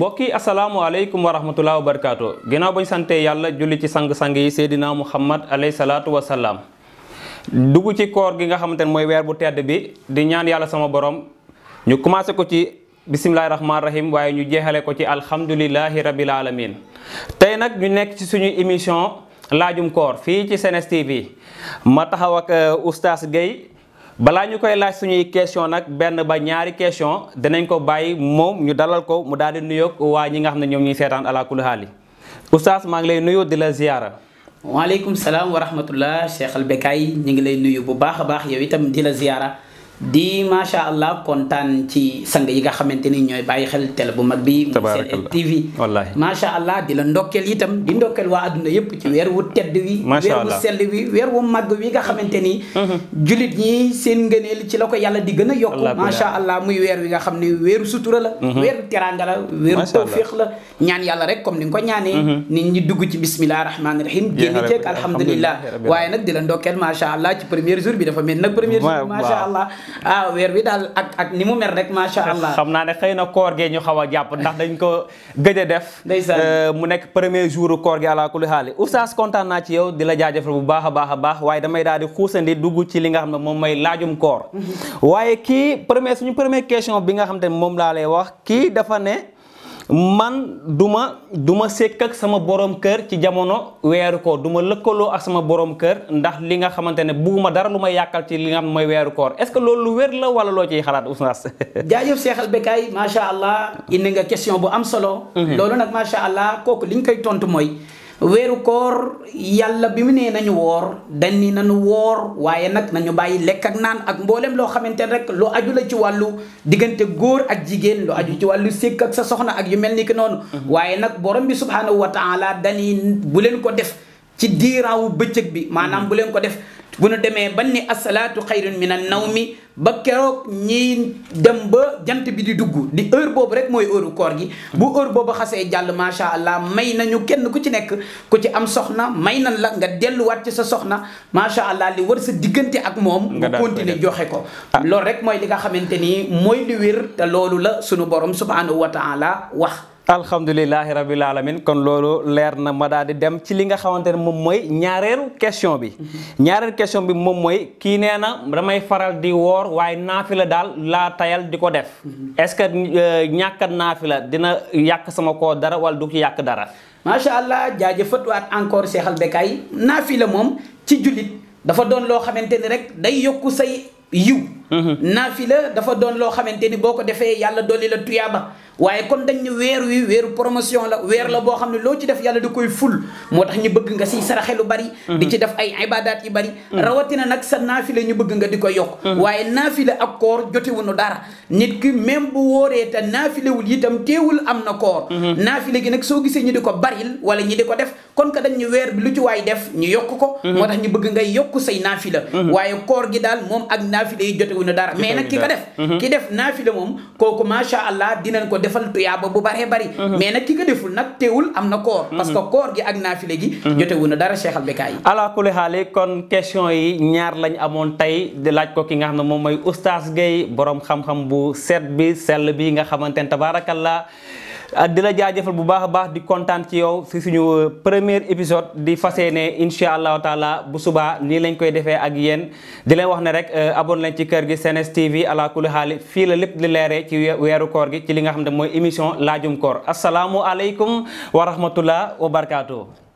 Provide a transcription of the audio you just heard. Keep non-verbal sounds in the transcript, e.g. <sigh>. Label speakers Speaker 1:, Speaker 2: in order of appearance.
Speaker 1: mbokk yi asalaamaaleykum wa rahmatulah wa barakaatu ginnaaw bañ sante yàlla julli ci sang-sang yi seydina muhammad alayhi salaatu wa salaam dugg ci koor gi nga xamante ne mooy weer bu tedd bi di ñaan yàlla sama borom ñu commencé ko ci bisimilahi rahmaani rahim waaye ñu jeexale ko ci alhamdulilahi rabil alamin tey nag ñu nekk ci suñu émission laajum koor fii ci Sen TV ma taxaw ak euh, oustaz Guèye balaa ñu koy laaj suñuy question nag benn ba ñaari question dinañ ko bàyyi moom ñu dalal ko mu daal di nuyoog waa ñi nga xam ne ñoom ñuy seetaan ala kulli haali oustaz maa
Speaker 2: ngi lay nuyu di la ziyaara waaleykum salaam wa rahmatullah Cheikh Albekaay ñu ngi lay nuyu bu baax a baax yow itam di la ziyaara di macha allah kontaan ci sang yi nga xamante ni ñooy bàyyi xel télé bu mag bi. tabaarakallah TV. wallaahi macha allah di la ndokkeel itam di ndokkeel wa adduna yëpp ci weer wu tedd wi. macha allah weer wu sell wi weer wu mag wi nga xamante ni. Mm-hmm. jullit ñi seen ngëneel ci la ko yalla di gën a yokku. macha allah muy weer wi nga xam ni weer sutura la. Mm-hmm. weeru teraanga la weeru tawfiq la. ñaan yàlla rek comme ni ko ñaanee. Mm-hmm. nit ñi dugg ci bismillah rahmaani rahim. génn ceeg alhamdulilah waaye nag di la ndokkeel macha allah ci premier ah weer bi daal ak ak ni mu mer rek macha allah. xam naa ne
Speaker 1: xëy na koor gee ñu xaw a jàpp ndax dañ ko gëj a def. Euh, mu nekk premier jour koor gi ala kulli xaali oustaz kontaan naa ci yow di la jaajëfal bu baax a baax a baax waaye damay daal di xuusandi dugg ci li nga xam ne moom may laajum koor. <laughs> waaye kii premier ñu premier question bi nga xam te moom laa lay wax kii dafa ne. man du ma du ma sekk ak sama borom kër ci jamono weeru koor du ma lëkkaloo ak sama borom kër ndax li nga xamante ne bugguma dara lu may
Speaker 2: yàqal ci li nga xam mooy weeru koor est-ce que loolu lu wér la wala loo ciy xalaat oustaz. <laughs> jaajëf seexal bekkaay macha allah indi nga question bu am solo. Mhm. loolu nag macha allah kooku li nga koy tontu mooy. weeru koor yàlla bi mu nee nañu woor dañ ni nañu woor waaye nag nañu bàyyi lekk ak naan ak mboolem loo xamante ne rek lu aju la ci wàllu diggante góor ak jigéen lu aju ci wàllu sékk ak sa soxna ak yu mel ni ki noonu mhm. waaye nag borom bi subhaanahu wa taala dañi bu leen ko def ci diiraawu bëccëg bi maanaam mhm. bu leen ko def bu nu demee ban ni asalaatu xayrun na an mi ba keroog ñi dem ba jant bi di dugg di heure boobu rek mooy heure koor gi bu heure boobu xasee jàll macha allah may nañu kenn ku ci nekk ku ci am soxna may na la nga delluwaat ci sa soxna macha allah li war sa diggante ak moom nga continuer joxe ko loolu rek mooy li nga xamante ni mooy li te loolu la sunu borom subhanahu wa taala wax
Speaker 1: alhamdulilahi rabil alamin kon loolu leer na ma daal di dem ci li nga xamante ne moom mooy ñaareelu question bi ñaareelu question bi moom mooy kii nee na damay faral di woor waaye la daal laa tayal di ko def est-ce que euh, ñàkkat naafila dina yàq sama koo dara wala du ci yàq dara macha allah jaajëfat
Speaker 2: waat encore seexal bekkaay naafila moom ci jullit dafa doon loo xamante ni rek day yokku sa yiw mm-hmm. naafila dafa doon loo xamante ni boo ko defee yàlla waaye kon dañ ne weer wi weeru promotion la weer la boo xam ne loo ci def yàlla da koy ful moo tax ñu bëgg nga siy saraxe lu bari mm-hmm. di ci def ay ibadaat yu bari mm-hmm. rawatina nag sa naafila ñu bëgg nga di ko yokk mm-hmm. waaye naafila ak koor jotewuñu dara nit ki même bu wóoree te naafilewul itam teewul am na koor naafila gi nag soo gisee ñu di ko baril wala ñi di ko def kon ka dañ ñu weer bi lu ci waay def ñu yokk ko moo tax ñu bëgg ngay yokk say naafila waaye koor gi daal moom ak naafila yi jotewuñu dara mais nag ki ko def ki def naafila moom kooku macha allah dinañ ko def defal tuyaaba bu baree bari mhm. mais nag ki ko deful nag teewul am na koor mhm. parce que koor gi ak naafile gi mhm. jotewu na dara Cheikh Albekaay yi ala kulli kon
Speaker 1: question yi ñaar lañ amoon tey di laaj ko ki nga xam ne moom mooy oustaz Gueye boroom xam-xam bu set bi sell bi nga xamante ne tabaarakallaa Euh, di la jaajëfal bu baax a baax di kontaan ci yow si suñu euh, premier épisode di fas ne incha allah taala bu suba nii lañ koy defee ak yéen di leen wax ne rek euh, aboon leen ci kër gi seen TV ala kulli fii la lépp di leeree ci weeru koor gi ci li nga xam ne mooy émission laajum koor asalaamualeykum wa rahmatullah wa barakaatu.